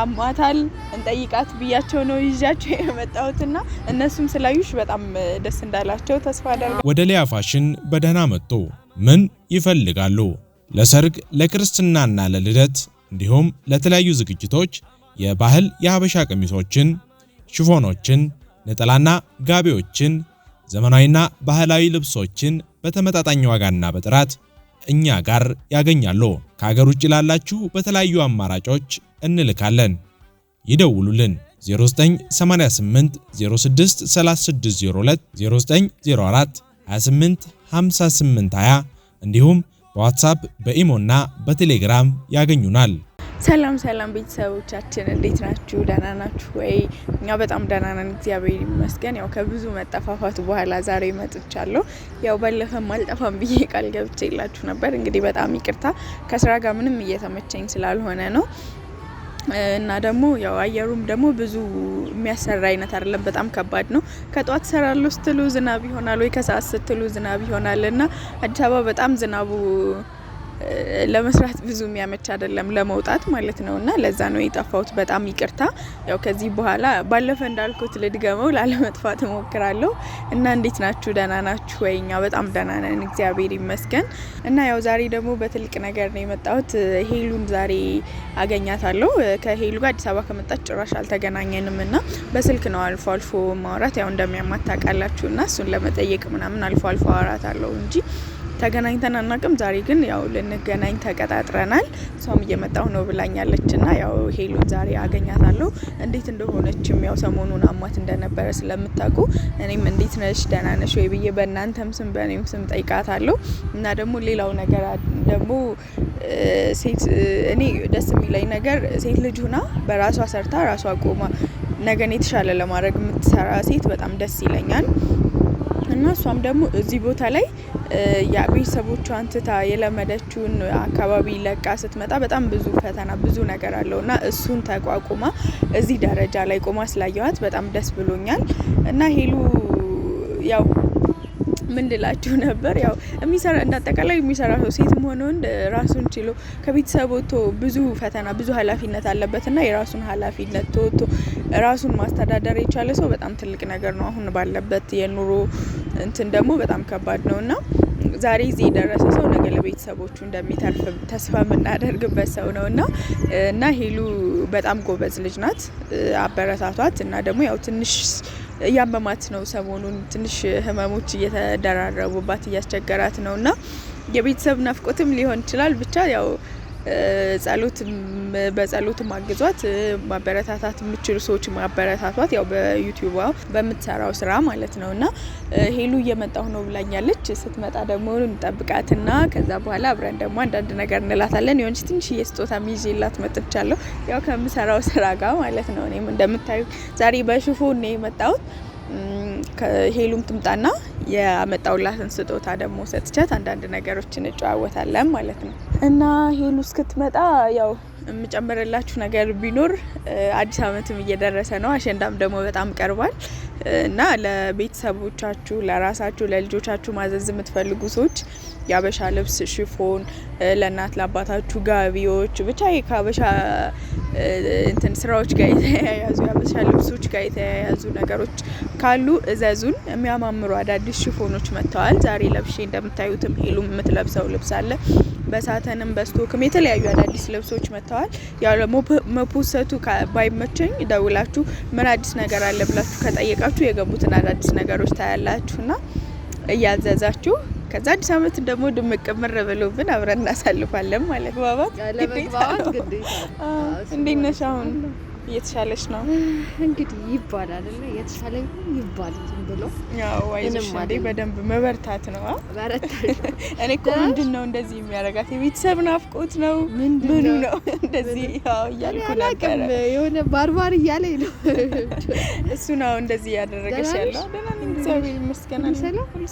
አሟታል እንጠይቃት ብያቸው ነው ይዣቸው የመጣሁትና እነሱም ስላዩሽ በጣም ደስ እንዳላቸው ተስፋ አደርጋለሁ። ወደ ሊያ ፋሽን በደህና መጡ። ምን ይፈልጋሉ? ለሰርግ ለክርስትናና ለልደት እንዲሁም ለተለያዩ ዝግጅቶች የባህል የሀበሻ ቀሚሶችን፣ ሽፎኖችን፣ ነጠላና ጋቢዎችን፣ ዘመናዊና ባህላዊ ልብሶችን በተመጣጣኝ ዋጋና በጥራት እኛ ጋር ያገኛሉ። ከሀገር ውጭ ላላችሁ በተለያዩ አማራጮች እንልካለን። ይደውሉልን 0988 እንዲሁም በዋትሳፕ በኢሞና በቴሌግራም ያገኙናል። ሰላም ሰላም ቤተሰቦቻችን እንዴት ናችሁ? ደህና ናችሁ ወይ? እኛ በጣም ደህና ነን፣ እግዚአብሔር ይመስገን። ያው ከብዙ መጠፋፋት በኋላ ዛሬ መጥቻለሁ። ያው ባለፈም አልጠፋም ብዬ ቃል ገብቼ የላችሁ ነበር። እንግዲህ በጣም ይቅርታ ከስራ ጋር ምንም እየተመቸኝ ስላልሆነ ነው እና ደግሞ ያው አየሩም ደግሞ ብዙ የሚያሰራ አይነት አይደለም። በጣም ከባድ ነው። ከጧት ሰራሉ ስትሉ ዝናብ ይሆናል ወይ ከሰዓት ስትሉ ዝናብ ይሆናል እና አዲስ አበባ በጣም ዝናቡ ለመስራት ብዙ የሚያመች አይደለም ለመውጣት ማለት ነው። እና ለዛ ነው የጠፋሁት። በጣም ይቅርታ። ያው ከዚህ በኋላ ባለፈ እንዳልኩት ልድገመው ላለመጥፋት እሞክራለሁ። እና እንዴት ናችሁ? ደህና ናችሁ ወይ? እኛ በጣም ደህና ነን፣ እግዚአብሔር ይመስገን። እና ያው ዛሬ ደግሞ በትልቅ ነገር ነው የመጣሁት። ሄሉን ዛሬ አገኛታለሁ። ከሄሉ ጋር አዲስ አበባ ከመጣች ጭራሽ አልተገናኘንም እና በስልክ ነው አልፎ አልፎ ማውራት። ያው እንደሚያማታቃላችሁ እና እሱን ለመጠየቅ ምናምን አልፎ አልፎ አወራታለሁ እንጂ ተገናኝተን አናቅም። ዛሬ ግን ያው ልንገናኝ ተቀጣጥረናል። እሷም እየመጣሁ ነው ብላኛለች እና ያው ሄሉን ዛሬ አገኛታለሁ። እንዴት እንደሆነችም ያው ሰሞኑን አሟት እንደነበረ ስለምታውቁ እኔም እንዴት ነሽ ደህና ነሽ ወይ ብዬ በእናንተም ስም በእኔም ስም ጠይቃታለሁ። እና ደግሞ ሌላው ነገር ደግሞ ሴት እኔ ደስ የሚለኝ ነገር ሴት ልጅ ሁና በራሷ ሰርታ ራሷ ቆማ ነገን የተሻለ ለማድረግ የምትሰራ ሴት በጣም ደስ ይለኛል። እና እሷም ደግሞ እዚህ ቦታ ላይ ቤተሰቦቿን ትታ የለመደችውን አካባቢ ለቃ ስትመጣ በጣም ብዙ ፈተና ብዙ ነገር አለው እና እሱን ተቋቁማ እዚህ ደረጃ ላይ ቆማ ስላየዋት በጣም ደስ ብሎኛል እና ሄሉ ያው ምን ልላችሁ ነበር? ያው የሚሰራ እንዳጠቃላይ የሚሰራ ሰው ሴትም ሆነ ወንድ ራሱን ችሎ ከቤተሰብ ወጥቶ ብዙ ፈተና ብዙ ኃላፊነት አለበትና የራሱን ኃላፊነት ተወጥቶ ራሱን ማስተዳደር የቻለ ሰው በጣም ትልቅ ነገር ነው። አሁን ባለበት የኑሮ እንትን ደግሞ በጣም ከባድ ነው እና ዛሬ እዚህ የደረሰ ሰው ነገ ለቤተሰቦቹ እንደሚተርፍ ተስፋ የምናደርግበት ሰው ነው እና እና ሄሉ በጣም ጎበዝ ልጅ ናት። አበረታቷት እና ደግሞ ያው ትንሽ እያመማት ነው። ሰሞኑን ትንሽ ህመሞች እየተደራረቡባት እያስቸገራት ነው እና የቤተሰብ ናፍቆትም ሊሆን ይችላል ብቻ ያው ጸሎት በጸሎት ማግዟት ማበረታታት የምችሉ ሰዎች ማበረታቷት፣ ያው በዩቲዩብ በምትሰራው ስራ ማለት ነው። እና ሄሉ እየመጣሁ ነው ብላኛለች። ስትመጣ ደግሞ እንጠብቃትና ከዛ በኋላ አብረን ደግሞ አንዳንድ ነገር እንላታለን። የሆነች ትንሽዬ የስጦታ ይዤላት መጥቻለሁ፣ ያው ከምሰራው ስራ ጋር ማለት ነው። እኔም እንደምታዩ ዛሬ በሽፎን ነው የመጣሁት። ሄሉም ትምጣና የመጣውላትን ስጦታ ደግሞ ሰጥቻት አንዳንድ ነገሮችን እንጨዋወታለን ማለት ነው። እና ሄሉ እስክትመጣ ያው የምጨምርላችሁ ነገር ቢኖር አዲስ አመትም እየደረሰ ነው፣ አሸንዳም ደግሞ በጣም ቀርቧል እና ለቤተሰቦቻችሁ፣ ለራሳችሁ፣ ለልጆቻችሁ ማዘዝ የምትፈልጉ ሰዎች የአበሻ ልብስ ሽፎን፣ ለእናት ለአባታችሁ ጋቢዎች፣ ብቻ ከአበሻ እንትን ስራዎች ጋር የተያያዙ የአበሻ ልብሶች ጋር የተያያዙ ነገሮች ካሉ እዘዙን። የሚያማምሩ አዳዲስ ሽፎኖች መጥተዋል። ዛሬ ለብሼ እንደምታዩትም ሄሉ የምትለብሰው ልብስ አለ። በሳተንም በስቶክም የተለያዩ አዳዲስ ልብሶች መጥተዋል። ያው ደግሞ መፖሰቱ ባይመቸኝ ደውላችሁ ምን አዲስ ነገር አለ ብላችሁ ከጠየቃችሁ የገቡትን አዳዲስ ነገሮች ታያላችሁና እያዘዛችሁ ከዛ አዲስ ዓመት ደግሞ ድምቅ ምር ብሎብን አብረን እናሳልፋለን ማለት ነው። ባባት ግዴታ ነው። እንዴት ነሽ አሁን? እየተሻለች ነው እንግዲህ ይባላል እና የተሻለኝ ይባል ዝም ብሎ ያው በደንብ መበርታት ነው። እኔ እኮ ምንድን ነው እንደዚህ የሚያደርጋት የቤተሰብ ናፍቆት ነው ምኑ ነው እንደዚህ እያልኩ ነበረ። የሆነ ባርባር እያለኝ ነው እሱ ነው እንደዚህ እያደረገች ያለው። ደህና ነኝ፣ እግዚአብሔር ይመስገን።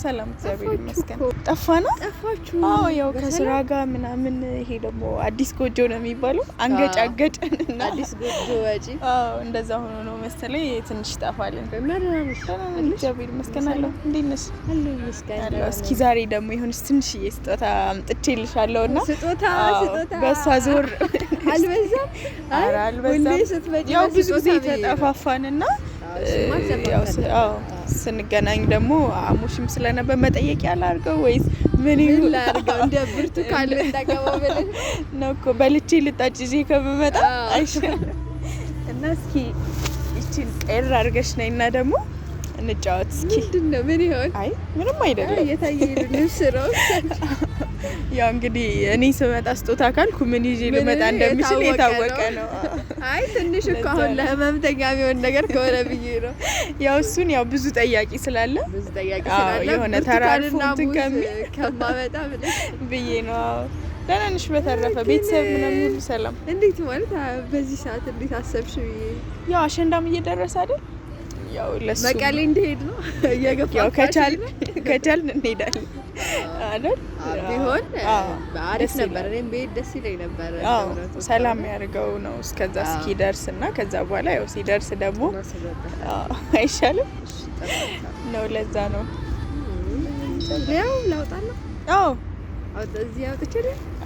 ሰላም፣ እግዚአብሔር ይመስገን። ጠፋ ነው ከፋችሁ? አዎ ያው ከስራ ጋር ምናምን። ይሄ ደግሞ አዲስ ጎጆ ነው የሚባለው። አንገጫ ገጭን እና አዲስ ጎጆ ወጪ። አዎ እንደዛ ሆኖ ነው መሰለኝ ትንሽ ጠፋልን። እግዚአብሔር ይመስገን አለሁ። እንዴት ነሽ? እስኪ ዛሬ ደግሞ የሆነች ትንሽዬ ስጦታ አምጥቼልሻለሁ እና ስጦታ ስጦታ በእሷ ዞር አልበዛም? ኧረ አልበዛም። ያው ብዙ ጊዜ ተጠፋፋን እና ስንገናኝ ደግሞ አሙሽም ስለነበር መጠየቅ ያላርገው ወይስ ምን እንደ ብርቱካን ልጠቀመው ብለን ነው እኮ በልቼ ልጣጭ ይዤ ከምመጣ አይሻልም? እና እስኪ ይቺን ቀይር አድርገሽ ነይ እና ደግሞ እንጫወት እስኪ። ምንድን ነው ምን ይሆን? አይ ምንም አይደለም። የታየ ልብስ ነው ያው እንግዲህ እኔ ስመጣ ስጦታ ካልኩ ምን ይዤ ልመጣ እንደምችል የታወቀ ነው። አይ ትንሽ እኮ አሁን ለህመምተኛ የሚሆን ነገር ከሆነ ብዬ ነው። ያው እሱን ያው ብዙ ጠያቂ ስላለ ብዙ ጠያቂ ስላለ የሆነ ተራርፎ ከማመጣ ብዬ ነው። ደህና ነሽ? በተረፈ ቤተሰብ ምናምን ሁሉ ሰላም እንዴት? ማለት በዚህ ሰዓት እንዴት አሰብሽ ብዬ ያው አሸንዳም እየደረሰ አይደል ያው ለሱ መቀሌ እንደሄድ ነው እየገፋ ከቻል እንሄዳለን ቢሆን አሪፍ ነበር። እኔም ብሄድ ደስ ይለኝ ነበር። ሰላም ያድርገው ነው እስከዛ እስኪደርስ እና ከዛ በኋላ ያው ሲደርስ ደግሞ አይሻልም ነው። ለዛ ነው ያው ላውጣ ነው እዚህ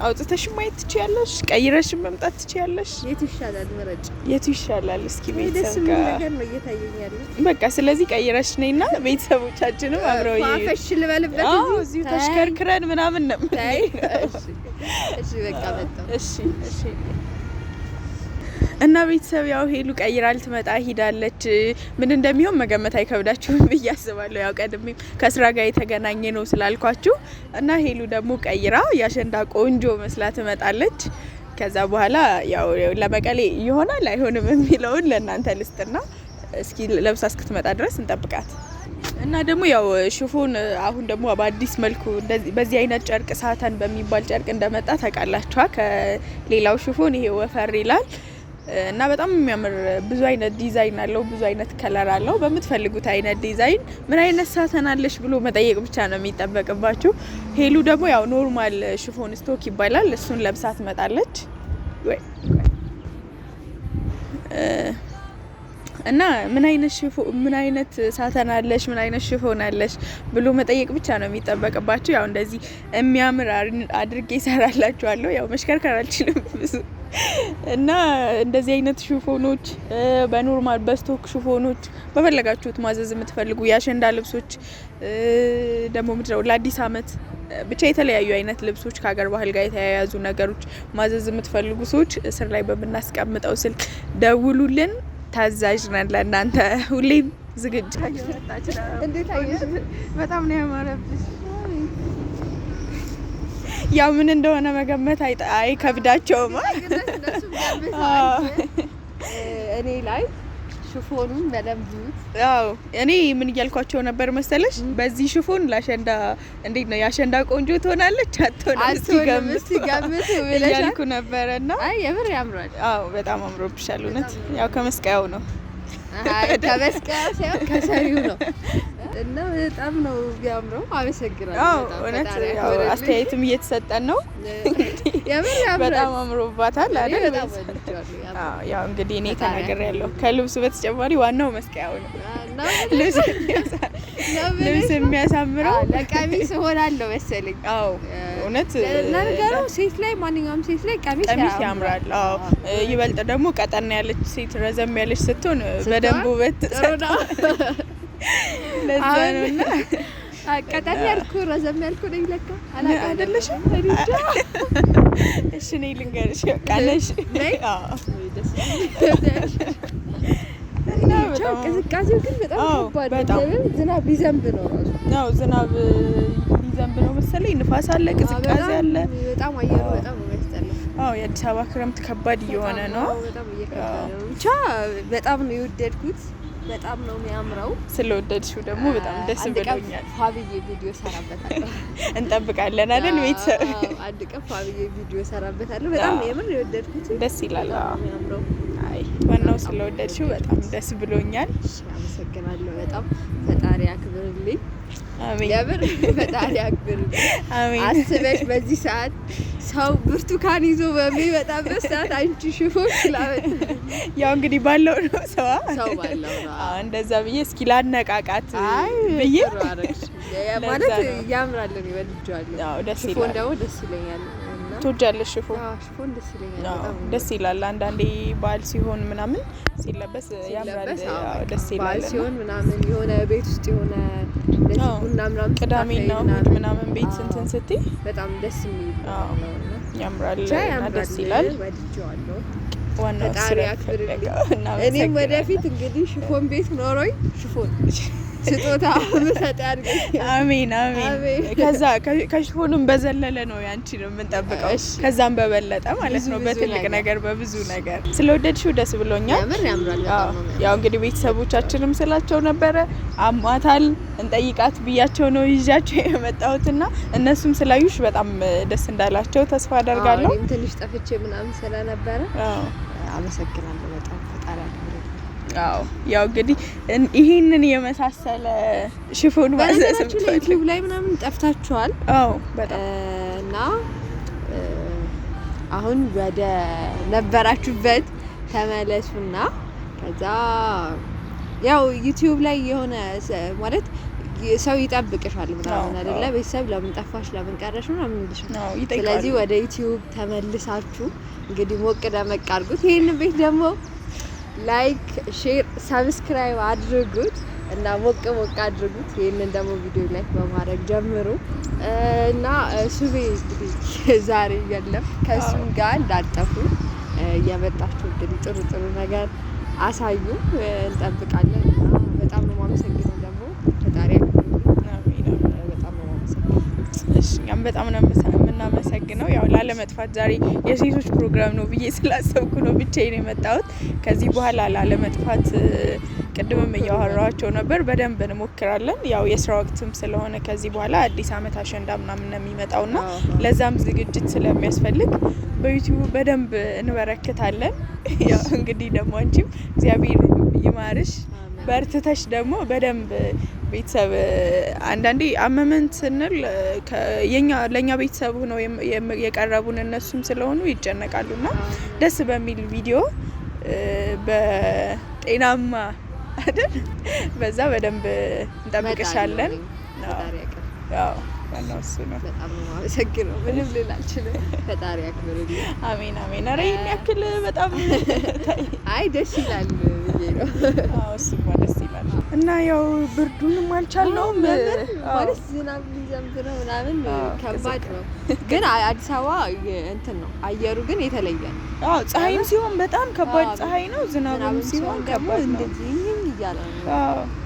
አውጥተሽ ማየት ትችያለሽ፣ ቀይረሽን መምጣት ትችያለሽ። የቱ ይሻላል ምረጭ፣ የቱ ይሻላል እስኪ ቤተሰብ ነገር ነው እየታየኝ ያለ በቃ። ስለዚህ ቀይረሽ ነይና ቤተሰቦቻችንም አብረው ይፈሽ ልበልበት። እዚህ ተሽከርክረን ምናምን ነው። እሺ፣ በቃ መጣሁ። እሺ፣ እሺ እና ቤተሰብ ያው ሄሉ ቀይራ ልትመጣ ሂዳለች። ምን እንደሚሆን መገመት አይከብዳችሁም ብዬ አስባለሁ። ያው ቀድሜም ከስራ ጋር የተገናኘ ነው ስላልኳችሁ እና ሄሉ ደግሞ ቀይራ የአሸንዳ ቆንጆ መስላ ትመጣለች። ከዛ በኋላ ያው ለመቀሌ ይሆናል አይሆንም የሚለውን ለእናንተ ልስጥና እስኪ ለብሳ እስክትመጣ ድረስ እንጠብቃት እና ደግሞ ያው ሽፎን አሁን ደግሞ በአዲስ መልኩ በዚህ አይነት ጨርቅ ሳተን በሚባል ጨርቅ እንደመጣ ታውቃላችኋ። ከሌላው ሽፎን ይሄ ወፈር ይላል። እና በጣም የሚያምር ብዙ አይነት ዲዛይን አለው፣ ብዙ አይነት ከለር አለው። በምትፈልጉት አይነት ዲዛይን ምን አይነት ሳተናለሽ ብሎ መጠየቅ ብቻ ነው የሚጠበቅባችሁ። ሄሉ ደግሞ ያው ኖርማል ሽፎን ስቶክ ይባላል፣ እሱን ለብሳ ትመጣለች። እና ምን አይነት ሽፎ ምን አይነት ሳተና አለሽ ምን አይነት ሽፎን አለሽ ብሎ መጠየቅ ብቻ ነው የሚጠበቅባችሁ። ያው እንደዚህ የሚያምር አድርጌ ይሰራላችኋለሁ። ያው መሽከርከር አልችልም ብዙ እና እንደዚህ አይነት ሽፎኖች በኖርማል በስቶክ ሽፎኖች በፈለጋችሁት ማዘዝ የምትፈልጉ የአሸንዳ ልብሶች ደግሞ ምድረው ለአዲስ ዓመት ብቻ የተለያዩ አይነት ልብሶች ከሀገር ባህል ጋር የተያያዙ ነገሮች ማዘዝ የምትፈልጉ ሰዎች እስር ላይ በምናስቀምጠው ስልክ ደውሉልን። ታዛዥ ነን ለእናንተ ሁሌም ዝግጅ። በጣም ነው ያማረብሽ። ያ ምን እንደሆነ መገመት አይከብዳቸውም። እኔ ላይ ሽፎኑን በለምዙት። እኔ ምን እያልኳቸው ነበር መሰለሽ? በዚህ ሽፎን ለአሸንዳ እንዴት ነው የአሸንዳ ቆንጆ ትሆናለች አትሆንም እስኪገምቱ እያልኩ ነበረ ና የምር ያምራል። አዎ በጣም አምሮብሻል። እውነት ያው ከመስቀያው ነው ከመስቀያው ሳይሆን ከሰሪው ነው እና በጣም ነው ቢያምረው። አመሰግናለሁ። አስተያየትም እየተሰጠን ነው። በጣም አምሮባታል አይደል? ያው እንግዲህ እኔ ተናግሬያለሁ። ከልብሱ በተጨማሪ ዋናው መስቀያው ነው። ልብስ የሚያሳምረው ቀሚስ እሆናለሁ መሰለኝ። አዎ እውነት ነገሩ ሴት ላይ ማንኛውም ሴት ላይ ቀሚስ ያምራል። አዎ ይበልጥ ደግሞ ቀጠና ያለች ሴት ረዘም ያለች ስትሆን በደንብ ውበት ለዛ ነው ያልኩ ረዘም ያልኩ ነኝ ለካ አላውቅም እሺ እኔ ልንገርሽ ቃለሽ ቅዝቃዜው ግን በጣም ዝናብ ሊዘንብ ነው ዝናብ ሊዘንብ ነው መሰለኝ። ንፋስ አለ፣ ቅዝቃዜ አለ። በጣም አየሩ በጣም አዎ የአዲስ አበባ ክረምት ከባድ እየሆነ ነው። ብቻ በጣም ነው የወደድኩት በጣም ነው የሚያምረው። ስለወደድሽው ደግሞ በጣም ደስ ብሎኛል። ፋብዬ ቪዲዮ ሰራበታለሁ። እንጠብቃለን አይደል? ቤተሰብ አንድ ቀን ፋብዬ ቪዲዮ ሰራበታለሁ። በጣም የምር የወደድኩት ደስ ይላል። የሚያምረው አይ ዋናው ስለወደድሽው በጣም ደስ ብሎኛል። አመሰግናለሁ። በጣም ፈጣሪ አክብርልኝ። አሜን። የምር ፈጣሪ አክብርልኝ። አሜን። አስበሽ በዚህ ሰዓት ሰው ብርቱካን ይዞ በሚመጣበት ሰዓት አንቺ ሽፎን ስላበት ያው እንግዲህ ባለው ነው ሰው ሰው ባለው ነው። አዎ እንደዛ ብዬ እስኪ ላነቃቃት ብዬ ማለት ያምራል ይበልጃለሁ። አዎ ደስ ይላል። ደግሞ ደስ ይለኛል። ትወጃለሽ? ሽፎን ደስ ይላል። አንዳንዴ በዓል ሲሆን ምናምን ሲለበስ ያምራል። ደስ ይላል። ሲሆን ምናምን የሆነ ቤት ውስጥ የሆነ ቡና ምናምን ቅዳሜና እሑድ ምናምን ቤት ስንትን ስትይ በጣም ደስ የሚል ያምራል ደስ ይላል። ዋናው ስራ እኔም ወደፊት እንግዲህ ሽፎን ቤት ኖሮኝ ሽፎን ስጦታ ምሰጥ ያድርገኝ። አሜን አሜን። ከዛ ከሽፎኑም በዘለለ ነው ያንቺ ነው የምንጠብቀው፣ ከዛም በበለጠ ማለት ነው በትልቅ ነገር በብዙ ነገር ስለወደድሽው ደስ ብሎኛል። ያው እንግዲህ ቤተሰቦቻችንም ስላቸው ነበረ አሟታል እንጠይቃት ብያቸው ነው ይዣቸው የመጣሁትና እነሱም ስላዩሽ በጣም ደስ እንዳላቸው ተስፋ አደርጋለሁ። ትንሽ ጠፍቼ ምናምን ስለነበረ አመሰግናለሁ በጣም አዎ ያው እንግዲህ ይህንን የመሳሰለ ሽፎን ማዘዝ ዩቲዩብ ላይ ምናምን ጠፍታችኋል። አዎ በጣም እና አሁን ወደ ነበራችሁበት ተመለሱና ከዛ ያው ዩቲዩብ ላይ የሆነ ማለት ሰው ይጠብቅሻል ምናምን አይደለ? ቤተሰብ ለምን ጠፋሽ ለምን ቀረሽ ምናምን ይልሻል። ስለዚህ ወደ ዩቲዩብ ተመልሳችሁ እንግዲህ ሞቅ ደመቅ አድርጉት። ይህን ቤት ደግሞ ላይክ፣ ሼር፣ ሰብስክራይብ አድርጉት እና ሞቅ ሞቅ አድርጉት። ይህንን ደግሞ ቪዲዮ ላይክ በማድረግ ጀምሩ እና ሱቤ እንግዲህ ዛሬ የለም ከእሱም ጋር እንዳጠፉ እየመጣችሁ እንግዲህ ጥሩ ጥሩ ነገር አሳዩ፣ እንጠብቃለን። በጣም ነው የምናመሰግነው። ያው ላለመጥፋት ዛሬ የሴቶች ፕሮግራም ነው ብዬ ስላሰብኩ ነው ብቻዬን የመጣሁት። ከዚህ በኋላ ላለመጥፋት ቅድምም እያወራኋቸው ነበር፣ በደንብ እንሞክራለን። ያው የስራ ወቅትም ስለሆነ ከዚህ በኋላ አዲስ አመት አሸንዳ ምናምን ነው የሚመጣውና ለዛም ዝግጅት ስለሚያስፈልግ በዩቲዩብ በደንብ እንበረክታለን። ያው እንግዲህ ደግሞ አንቺም እግዚአብሔር ይማርሽ። በርትተሽ ደግሞ በደንብ ቤተሰብ አንዳንዴ አመመን ስንል ለእኛ ቤተሰብ ሆነው የቀረቡን እነሱም ስለሆኑ ይጨነቃሉ። ና ደስ በሚል ቪዲዮ በጤናማ አይደል? በዛ በደንብ እንጠብቅሻለን። ምንም ልል አልችልም። ፈጣሪ አሜን አሜን። ኧረ ይህን ያክል በጣም አይ ደስ ይላል። ነው። እና ያው ብርዱንም አልቻለውም ማለት ዝናብ ሊዘንብ ነው ምናምን ከባድ ነው። ግን አዲስ አበባ እንትን ነው አየሩ ግን የተለየ ነው። ፀሐይም ሲሆን በጣም ከባድ ፀሐይ ነው። ዝናብም ሲሆን ከባድ ነው።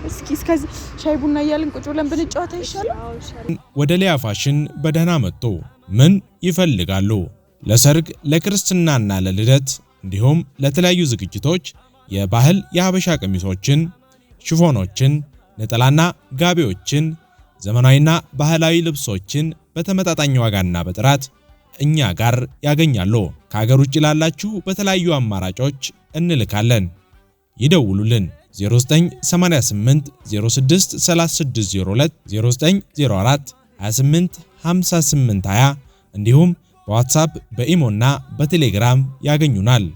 እስኪ እስከዚህ ሻይ ቡና እያልን ቁጭ ብለን ብንጫወት አይሻልም? ወደ ሊያ ፋሽን በደህና መጡ። ምን ይፈልጋሉ? ለሰርግ፣ ለክርስትናና ለልደት እንዲሁም ለተለያዩ ዝግጅቶች የባህል የሀበሻ ቀሚሶችን፣ ሽፎኖችን፣ ነጠላና ጋቢዎችን፣ ዘመናዊና ባህላዊ ልብሶችን በተመጣጣኝ ዋጋና በጥራት እኛ ጋር ያገኛሉ። ከሀገር ውጭ ላላችሁ በተለያዩ አማራጮች እንልካለን። ይደውሉልን 0988 06 0904 285820 እንዲሁም በዋትሳፕ በኢሞና በቴሌግራም ያገኙናል።